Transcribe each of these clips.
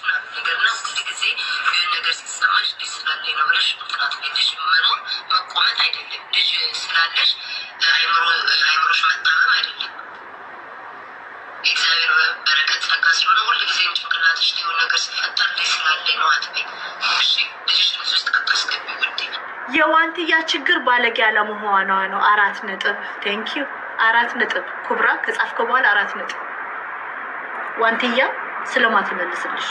ይችላል ነገር ጊዜ ነገር ሲሰማሽ ልጅ ስላለኝ ነው ብለሽ ምክንያቱ ልጅ መኖር መቆመጥ አይደለም። ልጅ ስላለሽ አይምሮሽ አይደለም። በረከት ጸጋ ስለሆነ ጭንቅላትሽ ሊሆን ነገር ሲፈጠር ልጅ ስላለኝ ነው አትበይ። ውስጥ አታስገቢ ውዴ። የዋንትያ ችግር ባለጌ አለመሆኗ ነው። አራት ነጥብ ዩ አራት ነጥብ ኩብራ ከጻፍከ በኋላ አራት ነጥብ ዋንትያ ስለማትመልስልሽ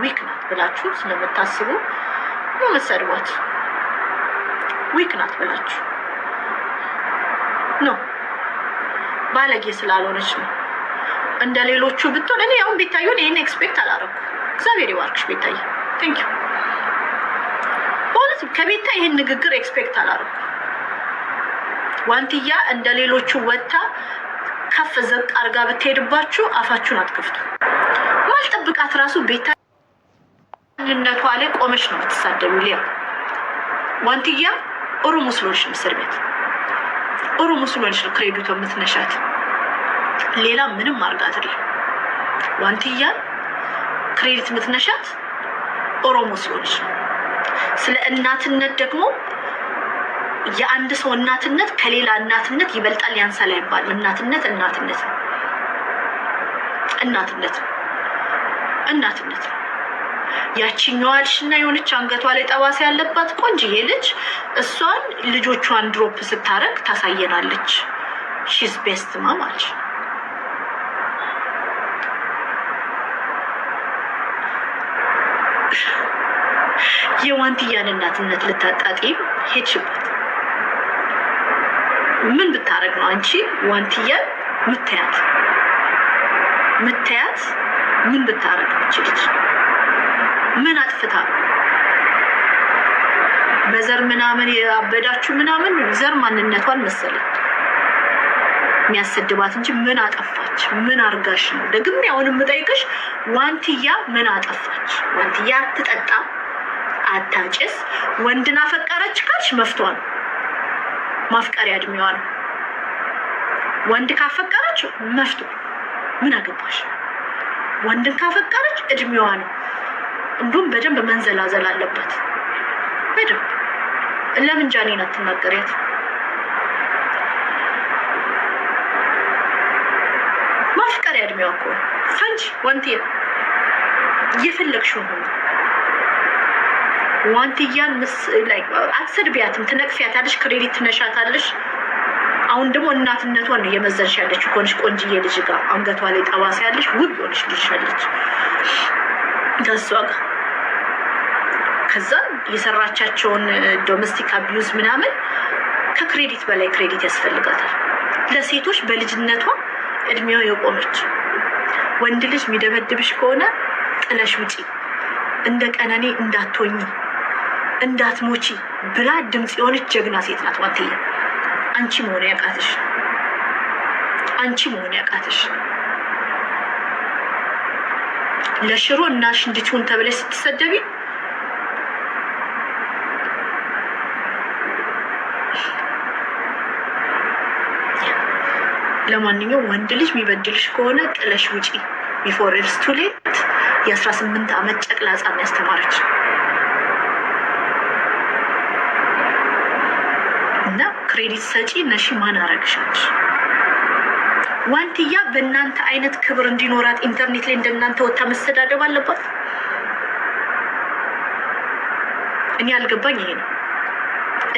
ዊክ ናት ብላችሁ ስለምታስቡ ነው የምትሰድቧት። ዊክ ናት ብላችሁ ነው ባለጌ ስላልሆነች ነው። እንደ ሌሎቹ ብትሆን እኔ ያሁን ቤታየን ይህን ኤክስፔክት አላረኩ። እግዚአብሔር ይባርክሽ ቤታየ፣ ቴንክ ዩ በእውነት ከቤታ ይህን ንግግር ኤክስፔክት አላረኩ። ዋንትያ እንደ ሌሎቹ ወጥታ ከፍ ዘቅ አርጋ ብትሄድባችሁ አፋችሁን አትከፍቱ። ማልጠብቃት ራሱ ቤታ ማንነቷ ላይ ቆመሽ ነው የምትሳደሉ። ሊያ ዋንትያ ኦሮሞ ስለሆንሽ ነው እስር ቤት፣ ኦሮሞ ስለሆንሽ ነው ክሬዲቶ የምትነሻት። ሌላ ምንም አርጋት ዋንትያን ክሬዲት የምትነሻት ኦሮሞ ስለሆንሽ ነው። ስለ እናትነት ደግሞ የአንድ ሰው እናትነት ከሌላ እናትነት ይበልጣል ያንሳል አይባል። እናትነት እናትነት ነው። እናትነት ነው። እናትነት ነው። ያችኛዋ አልሽና የሆነች አንገቷ ላይ ጠባሳ ያለባት ቆንጅዬ ልጅ እሷን ልጆቿን ድሮፕ ስታረግ ታሳየናለች። ሺዝ ቤስት ማማች የዋንትያን እናትነት ልታጣጤም ሄድሽበት። ምን ብታረግ ነው አንቺ ዋንትያን ምታያት ምታያት ምን ብታረግ ነው? ምን አጥፍታ በዘር ምናምን ያበዳችሁ ምናምን ዘር ማንነቷን መሰለኝ የሚያሰድባት እንጂ ምን አጠፋች? ምን አርጋሽ ነው? ደግሜ አሁን የምጠይቅሽ ዋንትያ ምን አጠፋች? ዋንትያ አትጠጣ፣ አታጭስ፣ ወንድን አፈቀረች ካልሽ መፍቷ ነው። ማፍቀሪያ እድሜዋ ነው። ወንድ ካፈቀረች መፍቷ፣ ምን አገባሽ? ወንድን ካፈቀረች እድሜዋ ነው። እንዱም በደንብ መንዘላዘል አለበት። በደንብ ለምን ጃኔን አትናገሪያት? ማፍቀር እድሜዋ እኮ ፈንጅ ዋንቴ እየፈለግሽው ሆነ ዋንትያን አትሰድቢያትም፣ ትነቅፊያታለሽ፣ ክሬዲት ትነሻታለሽ። አሁን ደግሞ እናትነቷን ነው እየመዘንሽ ያለች። ከሆነች ቆንጅዬ ልጅ ጋር አንገቷ ላይ ጠባሳ ያለች ውብ የሆነች ልጅ ያለች ከእሷ ጋር ከዛ የሰራቻቸውን ዶሜስቲክ አቢዩዝ ምናምን ከክሬዲት በላይ ክሬዲት ያስፈልጋታል። ለሴቶች በልጅነቷ እድሜዋ የቆመች ወንድ ልጅ የሚደበድብሽ ከሆነ ጥለሽ ውጪ፣ እንደ ቀነኔ እንዳትሆኚ፣ እንዳትሞቺ ብላ ድምፅ የሆነች ጀግና ሴት ናት ዋንትዬ። አንቺ መሆን ያቃትሽ አንቺ መሆን ያቃትሽ ለሽሮ እናሽ እንድትሆን ተብለሽ ስትሰደቢ ለማንኛውም ወንድ ልጅ የሚበድልሽ ከሆነ ጥለሽ ውጪ ቢፎር ኢትስ ቱ ሌት። የአስራ ስምንት ዓመት ጨቅላ ሕፃን ያስተማረች እና ክሬዲት ሰጪ ነሺ ማን አረግሻች? ዋንትያ በእናንተ አይነት ክብር እንዲኖራት ኢንተርኔት ላይ እንደናንተ ወታ መሰዳደብ አለባት? እኔ አልገባኝ ይሄ ነው።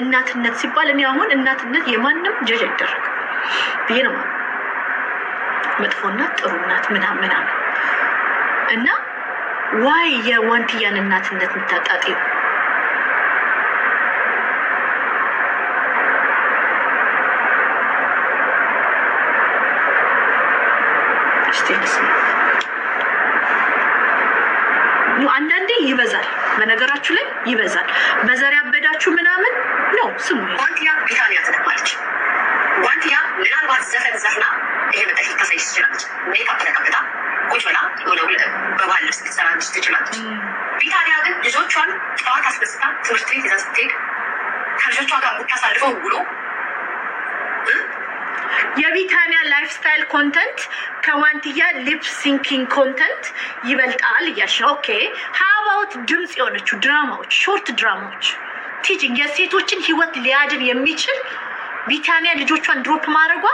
እናትነት ሲባል እኔ አሁን እናትነት የማንም ጀጅ አይደረግም ብዬ ነው መጥፎናት ጥሩ እናት ምናምን ምናምን እና ዋይ የዋንትያን እናትነት የምታጣጢው አንዳንዴ ይበዛል። በነገራችሁ ላይ ይበዛል። በዘር ያበዳችሁ ምናምን ነው ስሙ ዋንቲያ ቢታን ትነባለች። ዋንቲያ ምናልባት ዘፈን ዘፍና ይሄ በቃ ልታሳይሽ ትችላለች። ሜካፕ ተቀብታ ቁጭ ብላ የሆነ በባህል ልብስ ልትሰራልሽ ትችላለች። ቢታንያ ግን ልጆቿን ጠዋት አስደስታ ትምህርት ቤት ይዛ ስትሄድ ከልጆቿ ጋር የምታሳልፈው ውሎ የቢታንያ ላይፍ ስታይል ኮንተንት ከዋንትያ ሊፕ ሲንኪንግ ኮንተንት ይበልጣል እያልሽ ነው። ኦኬ ሀባውት ድምፅ የሆነችው ድራማዎች፣ ሾርት ድራማዎች ቲጂንግ የሴቶችን ህይወት ሊያድን የሚችል ቢታንያ ልጆቿን ድሮፕ ማድረጓ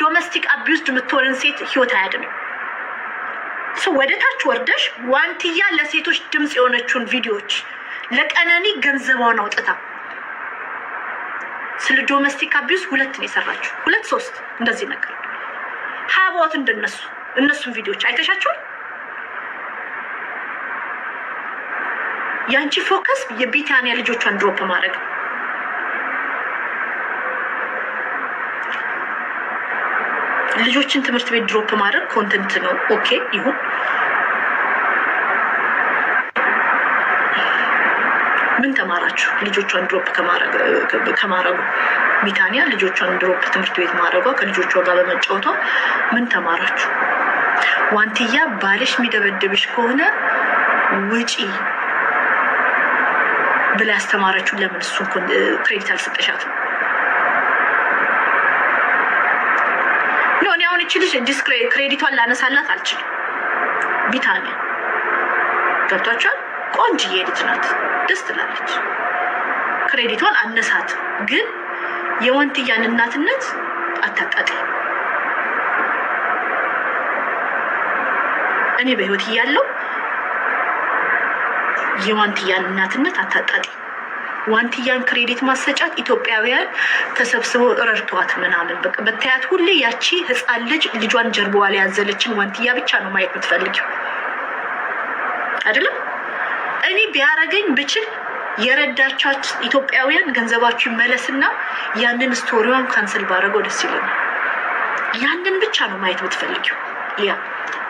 ዶሜስቲክ አቢዩዝድ የምትሆንን ሴት ህይወት አያድንም። ወደ ታች ወርደሽ ዋንትያ ለሴቶች ድምፅ የሆነችውን ቪዲዮዎች ለቀነኒ ገንዘቧን አውጥታ ስለ ዶሜስቲክ አቢዩዝ ሁለት ነው የሰራችው፣ ሁለት ሶስት እንደዚህ ነገር ሀያቦት እንደነሱ እነሱን ቪዲዮዎች አይተሻቸውን። የአንቺ ፎከስ የቢታንያ ልጆቿን ድሮፕ ማድረግ ነው። ልጆችን ትምህርት ቤት ድሮፕ ማድረግ ኮንተንት ነው። ኦኬ ይሁን። ምን ተማራችሁ? ልጆቿን ድሮፕ ከማድረጉ ቢታንያ ልጆቿን ድሮፕ ትምህርት ቤት ማድረጓ ከልጆቿ ጋር በመጫወቷ ምን ተማራችሁ? ዋንትያ ባልሽ የሚደበድብሽ ከሆነ ውጪ ብላ ያስተማረችው ለምን እሱን ክሬዲት አልሰጠሻትም? ሎኔ አሁን እቺ ልጅ ክሬዲቷን ላነሳላት አልችልም። ቢታኒያ ገብቷቸዋል። ቆንጅዬ ልጅ ናት፣ ደስ ትላለች። ክሬዲቷን አነሳት፣ ግን የወንትያን እናትነት አታጣጤ። እኔ በህይወት እያለው የወንትያን እናትነት አታጣጤ። ዋንትያን ክሬዲት ማሰጫት ኢትዮጵያውያን ተሰብስቦ ረድቷት ምናምን በቃ በታያት ሁሌ ያቺ ህፃን ልጅ ልጇን ጀርባዋ ላይ ያዘለችን ዋንትያ ብቻ ነው ማየት የምትፈልጊው አይደለም። እኔ ቢያረገኝ ብችል የረዳቻት ኢትዮጵያውያን ገንዘባችሁ ይመለስና ያንን ስቶሪዋን ካንስል ባደረገው ደስ ይለኛል። ያንን ብቻ ነው ማየት የምትፈልጊው ያ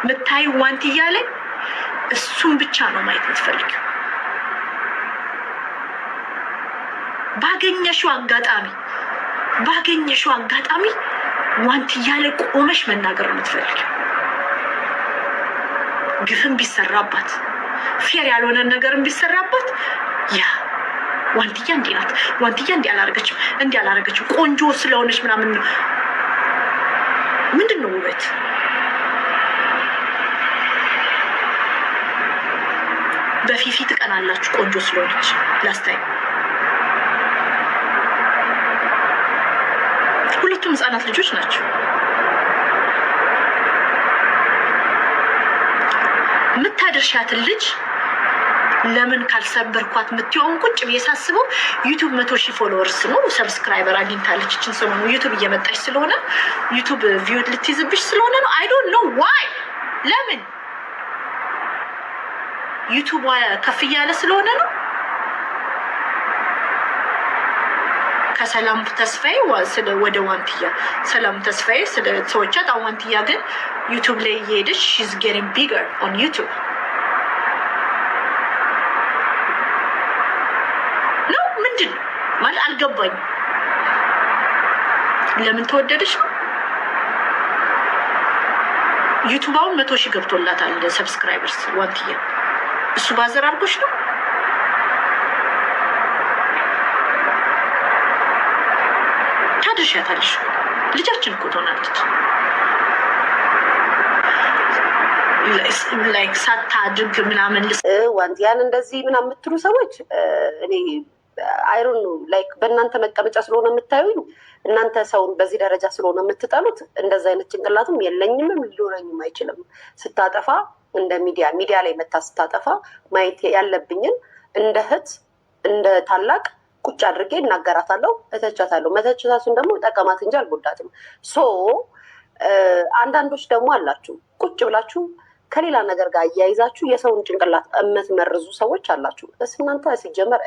ምታይ ዋንትያ ላይ እሱን ብቻ ነው ማየት የምትፈልጊው። ባገኘሽው አጋጣሚ ባገኘሽው አጋጣሚ ዋንት እያለ ቆመሽ መናገር የምትፈልግ ግፍም ቢሰራባት ፌር ያልሆነ ነገርም ቢሰራባት ያ ዋንትያ እንዲህ ናት፣ ዋንትያ እንዲህ አላረገችም፣ እንዲህ አላረገችም፣ ቆንጆ ስለሆነች ምናምን ነው። ምንድን ነው ውበት? በፊፊ ትቀናላችሁ ቆንጆ ስለሆነች ላስታይ ምክንያቱም ህጻናት ልጆች ናቸው። የምታደርሻትን ልጅ ለምን ካልሰበርኳት የምትሆን ቁጭ ብዬ ሳስበው ዩቱብ መቶ ሺህ ፎሎወርስ ነው ሰብስክራይበር አግኝታለች። እችን ሰሞኑ ዩቱብ እየመጣች ስለሆነ ዩቱብ ቪው ልትይዝብሽ ስለሆነ ነው። አይ ዶንት ኖ ዋይ ለምን ዩቱብ ከፍ እያለ ስለሆነ ነው። ከሰላም ተስፋዬ ወደ ዋንትያ ሰላም ተስፋዬ ስለ ሰዎቻት ጣ ዋንትያ ግን ዩቱብ ላይ እየሄደች ሺዝ ጌቲንግ ቢገር ኦን ዩቱብ ነው። ምንድን ነው ማለት አልገባኝም። ለምን ተወደደች ነው? ዩቱብ አሁን መቶ ሺህ ገብቶላታል ሰብስክራይበርስ ዋንትያ። እሱ ባዘር አድርጎች ነው ትወድሻታለሽ። ልጃችን እኮ ትሆናለች። ላይክ ሳታድርግ ምናምን ያን እንደዚህ ምናምን የምትሉ ሰዎች እኔ አይሮን ላይክ በእናንተ መቀመጫ ስለሆነ የምታዩ እናንተ ሰውን በዚህ ደረጃ ስለሆነ የምትጠሉት፣ እንደዚ አይነት ጭንቅላትም የለኝምም ሊኖረኝም አይችልም። ስታጠፋ እንደ ሚዲያ ሚዲያ ላይ መታ ስታጠፋ ማየት ያለብኝን እንደ እህት እንደ ታላቅ ቁጭ አድርጌ እናገራታለሁ፣ እተቻታለሁ። መተቻታችን ደግሞ ጠቀማት እንጂ አልጎዳትም። ሶ አንዳንዶች ደግሞ አላችሁ ቁጭ ብላችሁ ከሌላ ነገር ጋር እያይዛችሁ የሰውን ጭንቅላት የምትመርዙ ሰዎች አላችሁ። እናንተ ሲጀመር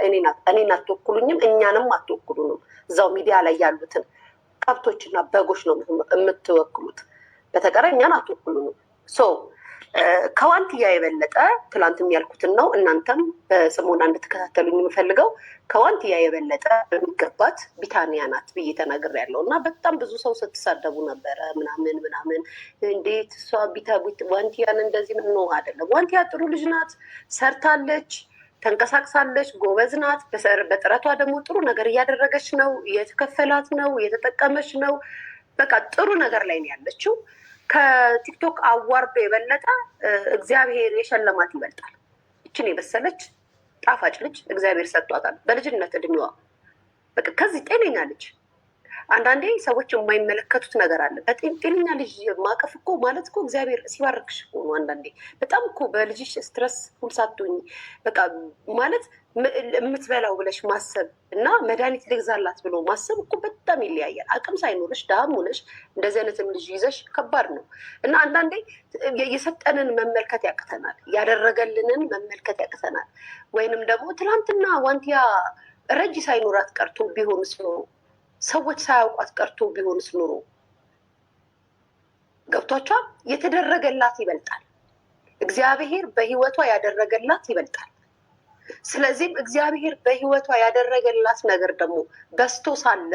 እኔን አትወክሉኝም፣ እኛንም አትወክሉንም። እዛው ሚዲያ ላይ ያሉትን ቀብቶችና በጎች ነው የምትወክሉት። በተቀረ እኛን አትወክሉንም። ከዋንትያ የበለጠ ትላንትም ያልኩትን ነው። እናንተም በጽሞና እንድትከታተሉኝ የምፈልገው ከዋንትያ የበለጠ የሚገባት ቢታንያ ናት ብዬ ተናግር ያለው እና በጣም ብዙ ሰው ስትሳደቡ ነበረ። ምናምን ምናምን እንዴት እሷ ዋንትያን እንደዚህ ምን ነው አይደለም። ዋንትያ ጥሩ ልጅ ናት፣ ሰርታለች፣ ተንቀሳቅሳለች፣ ጎበዝ ናት። በጥረቷ ደግሞ ጥሩ ነገር እያደረገች ነው፣ እየተከፈላት ነው፣ እየተጠቀመች ነው። በቃ ጥሩ ነገር ላይ ነው ያለችው። ከቲክቶክ አዋርዶ የበለጠ እግዚአብሔር የሸለማት ይበልጣል። እችን የበሰለች ጣፋጭ ልጅ እግዚአብሔር ሰጥቷታል በልጅነት እድሜዋ። በቃ ከዚህ ጤነኛ ልጅ አንዳንዴ ሰዎች የማይመለከቱት ነገር አለ። በጤነኛ ልጅ ማቀፍ እኮ ማለት እኮ እግዚአብሔር ሲባርክሽ እኮ ነው። አንዳንዴ በጣም እኮ በልጅሽ ስትረስ ሁልሳቶኝ በቃ ማለት የምትበላው ብለሽ ማሰብ እና መድኃኒት ልግዛላት ብሎ ማሰብ እኮ በጣም ይለያያል። አቅም ሳይኖርሽ ዳም ሆነሽ እንደዚህ አይነትም ልጅ ይዘሽ ከባድ ነው እና አንዳንዴ የሰጠንን መመልከት ያቅተናል፣ ያደረገልንን መመልከት ያቅተናል። ወይንም ደግሞ ትናንትና ዋንቲያ ረጅ ሳይኖራት ቀርቶ ቢሆን ሰዎች ሳያውቋት ቀርቶ ቢሆንስ ኑሮ ገብቷቸዋል። የተደረገላት ይበልጣል። እግዚአብሔር በህይወቷ ያደረገላት ይበልጣል። ስለዚህም እግዚአብሔር በህይወቷ ያደረገላት ነገር ደግሞ በስቶ ሳለ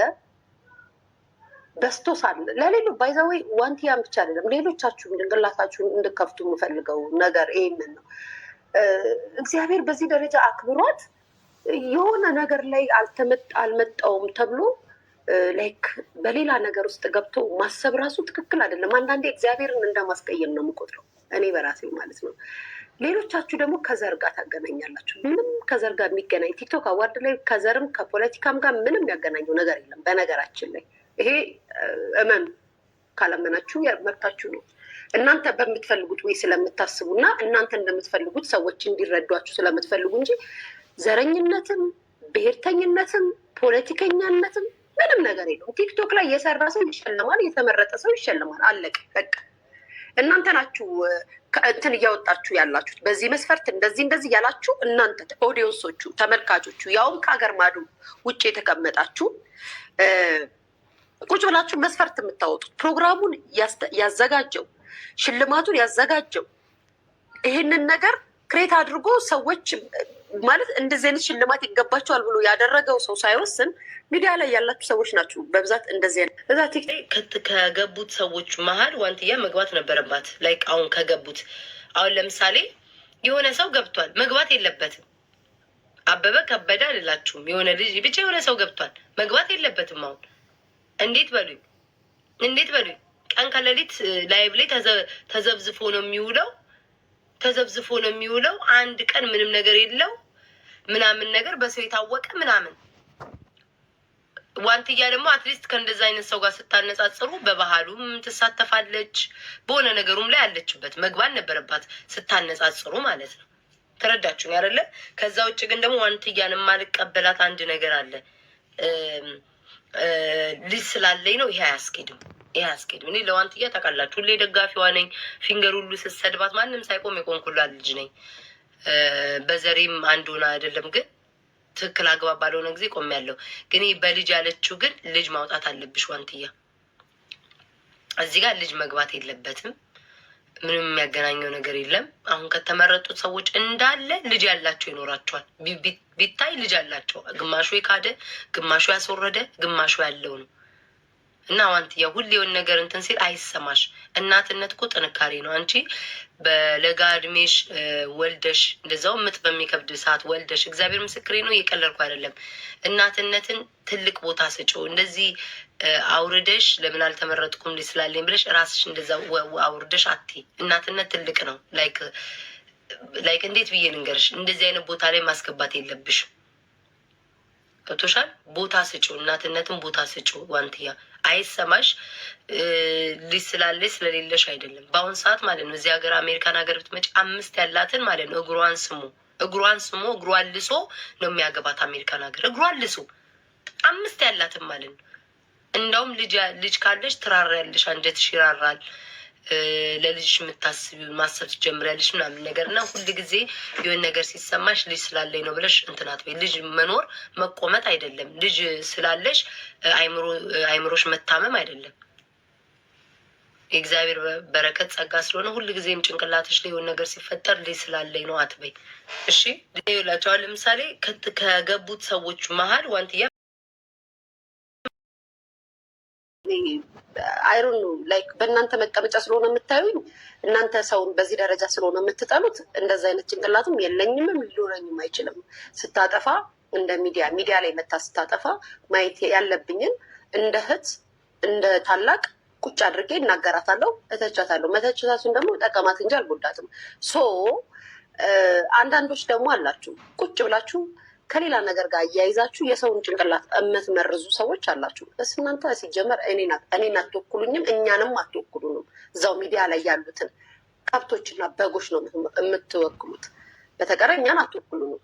በስቶ ሳለ ለሌሎ ባይዘወይ ዋንቲያን ብቻ አይደለም፣ ሌሎቻችሁ ጭንቅላታችሁን እንድከፍቱ የምፈልገው ነገር ይህንን ነው። እግዚአብሔር በዚህ ደረጃ አክብሯት የሆነ ነገር ላይ አልመጣውም ተብሎ ላይክ በሌላ ነገር ውስጥ ገብቶ ማሰብ ራሱ ትክክል አይደለም። አንዳንዴ እግዚአብሔርን እንደማስቀየም ነው የምቆጥረው እኔ በራሴ ማለት ነው። ሌሎቻችሁ ደግሞ ከዘር ጋር ታገናኛላችሁ። ምንም ከዘር ጋር የሚገናኝ ቲክቶክ አዋርድ ላይ ከዘርም ከፖለቲካም ጋር ምንም የሚያገናኘው ነገር የለም። በነገራችን ላይ ይሄ እመኑ፣ ካላመናችሁ መብታችሁ ነው። እናንተ በምትፈልጉት ወይ ስለምታስቡ እና እናንተ እንደምትፈልጉት ሰዎች እንዲረዷችሁ ስለምትፈልጉ እንጂ ዘረኝነትም ብሔርተኝነትም ፖለቲከኛነትም ምንም ነገር የለውም። ቲክቶክ ላይ የሰራ ሰው ይሸለማል፣ የተመረጠ ሰው ይሸለማል። አለቅ በቃ። እናንተ ናችሁ እንትን እያወጣችሁ ያላችሁት በዚህ መስፈርት እንደዚህ እንደዚህ ያላችሁ እናንተ ኦዲየንሶቹ፣ ተመልካቾቹ ያውም ከሀገር ማዶ ውጭ የተቀመጣችሁ ቁጭ ብላችሁ መስፈርት የምታወጡት ፕሮግራሙን ያዘጋጀው ሽልማቱን ያዘጋጀው ይህንን ነገር ክሬት አድርጎ ሰዎች ማለት እንደዚህ አይነት ሽልማት ይገባቸዋል ብሎ ያደረገው ሰው ሳይወስን ሚዲያ ላይ ያላችሁ ሰዎች ናችሁ በብዛት እንደዚህ አይነት እዛ ከገቡት ሰዎች መሀል ዋንትያ መግባት ነበረባት። ላይ አሁን ከገቡት አሁን ለምሳሌ የሆነ ሰው ገብቷል፣ መግባት የለበትም አበበ ከበደ አልላችሁም። የሆነ ልጅ ብቻ የሆነ ሰው ገብቷል፣ መግባት የለበትም አሁን እንዴት በሉኝ፣ እንዴት በሉኝ። ቀን ከሌሊት ላይቭ ላይ ተዘብዝፎ ነው የሚውለው ተዘብዝፎ ነው የሚውለው። አንድ ቀን ምንም ነገር የለው። ምናምን ነገር በሰው የታወቀ ምናምን ዋንትያ ደግሞ አትሊስት ከእንደዛ አይነት ሰው ጋር ስታነጻጽሩ በባህሉም ትሳተፋለች በሆነ ነገሩም ላይ አለችበት መግባት ነበረባት ስታነጻጽሩ ማለት ነው። ተረዳችሁኝ አይደለ? ከዛ ውጭ ግን ደግሞ ዋንትያን የማልቀበላት አንድ ነገር አለ። ልጅ ስላለኝ ነው። ይሄ አያስኬድም፣ ይሄ አያስኬድም። እኔ ለዋንትያ ታውቃላችሁ፣ ሁሌ ደጋፊዋ ነኝ። ፊንገር ሁሉ ስትሰድባት ማንም ሳይቆም የቆምኩላት ልጅ ነኝ። በዘሬም ሆነ አይደለም ግን ትክክል አግባብ ባልሆነ ጊዜ ያለው ግን በልጅ ያለችው ግን ልጅ ማውጣት አለብሽ ዋንትያ እዚህ ጋር ልጅ መግባት የለበትም። ምንም የሚያገናኘው ነገር የለም። አሁን ከተመረጡት ሰዎች እንዳለ ልጅ ያላቸው ይኖራቸዋል። ቢታይ ልጅ ያላቸው ግማሹ የካደ ግማሹ ያስወረደ ግማሹ ያለው ነው። እና ዋንትያ ሁሌውን ነገር እንትን ሲል አይሰማሽ። እናትነት እኮ ጥንካሬ ነው። አንቺ በለጋ እድሜሽ ወልደሽ እንደዛው ምጥ በሚከብድ ሰዓት ወልደሽ፣ እግዚአብሔር ምስክሬ ነው፣ እየቀለድኩ አይደለም። እናትነትን ትልቅ ቦታ ስጪው። እንደዚህ አውርደሽ ለምን አልተመረጥኩም ስላለኝ ብለሽ ራስሽ እንደዛ አውርደሽ አቲ እናትነት ትልቅ ነው። ላይክ ላይክ እንዴት ብዬ ልንገርሽ? እንደዚህ አይነት ቦታ ላይ ማስገባት የለብሽም። ገብቶሻል? ቦታ ስጪው፣ እናትነትን ቦታ ስጪው ዋንትያ አይሰማሽ ልጅ ስላለች ስለሌለሽ አይደለም። በአሁን ሰዓት ማለት ነው እዚህ ሀገር አሜሪካን ሀገር ብትመጪ አምስት ያላትን ማለት ነው እግሯን ስሙ እግሯን ስሙ እግሯን ልሶ ነው የሚያገባት አሜሪካን ሀገር እግሯን ልሶ አምስት ያላትን ማለት ነው። እንደውም ልጅ ካለሽ ትራራ ያለሽ አንጀትሽ ይራራል። ለልጅሽ የምታስብ ማሰብ ትጀምሪያለሽ ምናምን ነገር እና ሁል ጊዜ የሆን ነገር ሲሰማሽ ልጅ ስላለኝ ነው ብለሽ እንትናት አትበይ። ልጅ መኖር መቆመጥ አይደለም። ልጅ ስላለሽ አይምሮሽ መታመም አይደለም። የእግዚአብሔር በረከት ጸጋ ስለሆነ ሁል ጊዜም ጭንቅላትሽ ላይ የሆነ ነገር ሲፈጠር ልጅ ስላለኝ ነው አትበይ። እሺ ላቸዋል። ለምሳሌ ከገቡት ሰዎች መሀል ዋንትያ አይሩን ነው ላይክ በእናንተ መቀመጫ ስለሆነ የምታዩኝ እናንተ ሰውን በዚህ ደረጃ ስለሆነ የምትጠሉት፣ እንደዚ አይነት ጭንቅላትም የለኝምም ሊኖረኝም አይችልም። ስታጠፋ እንደ ሚዲያ ሚዲያ ላይ መታ ስታጠፋ ማየት ያለብኝን እንደ እህት እንደ ታላቅ ቁጭ አድርጌ እናገራታለሁ፣ እተቻታለሁ። መተቻታችን ደግሞ ጠቀማት እንጂ አልጎዳትም። ሶ አንዳንዶች ደግሞ አላችሁ ቁጭ ብላችሁ ከሌላ ነገር ጋር እያይዛችሁ የሰውን ጭንቅላት የምትመርዙ ሰዎች አላችሁ። እናንተ ሲጀመር እኔን አትወክሉኝም፣ እኛንም አትወክሉንም። እዛው ሚዲያ ላይ ያሉትን ከብቶችና በጎች ነው የምትወክሉት። በተቀረ እኛን አትወክሉንም።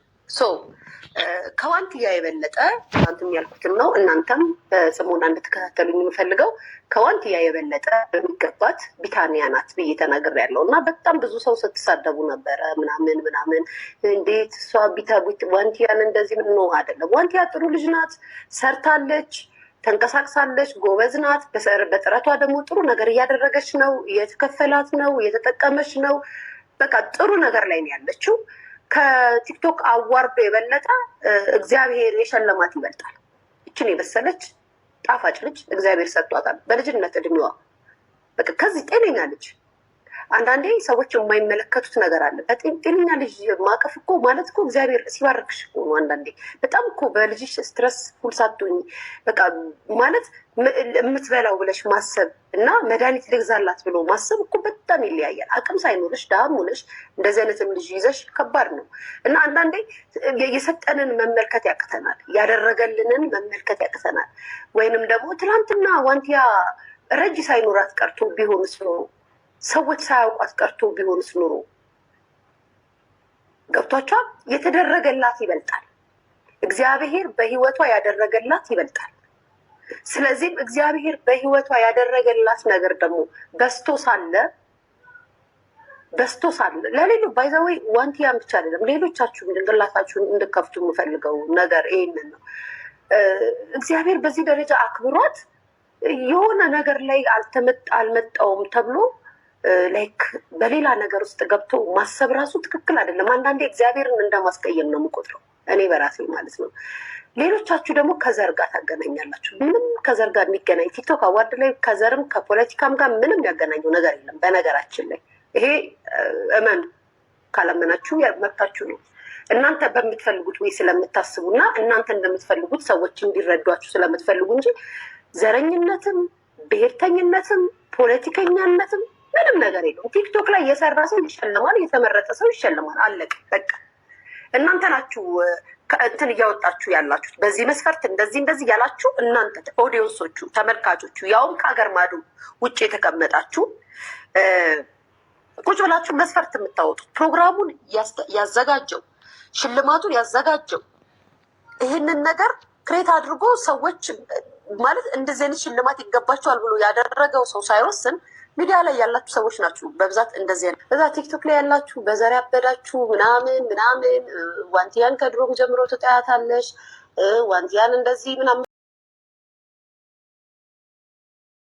ከዋንትያ የበለጠ ትናንትም ያልኩትን ነው። እናንተም በሰሞና እንድትከታተሉኝ የምፈልገው ከዋንትያ የበለጠ በሚገባት ቢታንያ ናት ብዬ ተናግር ያለው እና በጣም ብዙ ሰው ስትሳደቡ ነበረ። ምናምን ምናምን እንዴት እሷ ቢታ ዋንትያን እንደዚህ ምን ነው አይደለም። ዋንትያ ጥሩ ልጅ ናት፣ ሰርታለች፣ ተንቀሳቅሳለች፣ ጎበዝ ናት። በጥረቷ ደግሞ ጥሩ ነገር እያደረገች ነው፣ እየተከፈላት ነው፣ እየተጠቀመች ነው። በቃ ጥሩ ነገር ላይ ነው ያለችው። ከቲክቶክ አዋርዶ የበለጠ እግዚአብሔር የሸለማት ይበልጣል። እችን የበሰለች ጣፋጭ ልጅ እግዚአብሔር ሰጧታል በልጅነት እድሜዋ። በቃ ከዚህ ጤነኛ ልጅ አንዳንዴ ሰዎች የማይመለከቱት ነገር አለ። ጤነኛ ልጅ ማቀፍ እኮ ማለት እኮ እግዚአብሔር ሲባርክሽ እኮ ነው። አንዳንዴ በጣም እኮ በልጅሽ ስትረስ ፉል ሳትሆኝ በቃ ማለት የምትበላው ብለሽ ማሰብ እና መድኃኒት ልግዛላት ብሎ ማሰብ እኮ በጣም ይለያያል። አቅም ሳይኖርሽ ድሃም ሆነሽ እንደዚህ አይነትም ልጅ ይዘሽ ከባድ ነው እና አንዳንዴ የሰጠንን መመልከት ያቅተናል፣ ያደረገልንን መመልከት ያቅተናል። ወይንም ደግሞ ትናንትና ዋንቲያ ረጅ ሳይኖራት ቀርቶ ቢሆን ሰዎች ሳያውቋት ቀርቶ ቢሆንስ ኑሮ ገብቷቸዋል። የተደረገላት ይበልጣል። እግዚአብሔር በህይወቷ ያደረገላት ይበልጣል። ስለዚህም እግዚአብሔር በህይወቷ ያደረገላት ነገር ደግሞ በስቶ ሳለ በስቶ ሳለ ለሌሎ ባይዘወይ ዋንቲያን ብቻ አይደለም፣ ሌሎቻችሁ ድንቅላታችሁን እንድከፍቱ የምፈልገው ነገር ይሄንን ነው። እግዚአብሔር በዚህ ደረጃ አክብሯት የሆነ ነገር ላይ አልመጣውም ተብሎ ላይክ በሌላ ነገር ውስጥ ገብቶ ማሰብ ራሱ ትክክል አይደለም። አንዳንዴ እግዚአብሔርን እንደማስቀየም ነው የምቆጥረው እኔ በራሴ ማለት ነው። ሌሎቻችሁ ደግሞ ከዘር ጋር ታገናኛላችሁ። ምንም ከዘር ጋር የሚገናኝ ቲክቶክ አዋርድ ላይ ከዘርም ከፖለቲካም ጋር ምንም ያገናኘው ነገር የለም። በነገራችን ላይ ይሄ እመኑ፣ ካላመናችሁ መብታችሁ ነው። እናንተ በምትፈልጉት ወይ እና እናንተ እንደምትፈልጉት ሰዎች እንዲረዷችሁ ስለምትፈልጉ እንጂ ዘረኝነትም ብሔርተኝነትም ፖለቲከኛነትም ምንም ነገር የለም። ቲክቶክ ላይ የሰራ ሰው ይሸልማል፣ የተመረጠ ሰው ይሸልማል። አለቀ በቃ። እናንተ ናችሁ እንትን እያወጣችሁ ያላችሁት በዚህ መስፈርት እንደዚህ እንደዚህ ያላችሁ እናንተ ኦዲየንሶቹ፣ ተመልካቾቹ ያውም ከሀገር ማዶ ውጭ የተቀመጣችሁ ቁጭ ብላችሁ መስፈርት የምታወጡት ፕሮግራሙን ያዘጋጀው ሽልማቱን ያዘጋጀው ይህንን ነገር ክሬት አድርጎ ሰዎች ማለት እንደዚህ አይነት ሽልማት ይገባቸዋል ብሎ ያደረገው ሰው ሳይወስን ሚዲያ ላይ ያላችሁ ሰዎች ናችሁ በብዛት እንደዚህ ያለ እዛ ቲክቶክ ላይ ያላችሁ በዘር ያበዳችሁ ምናምን ምናምን ዋንቲያን ከድሮም ጀምሮ ትጠያታለሽ ዋንቲያን እንደዚህ ምናምን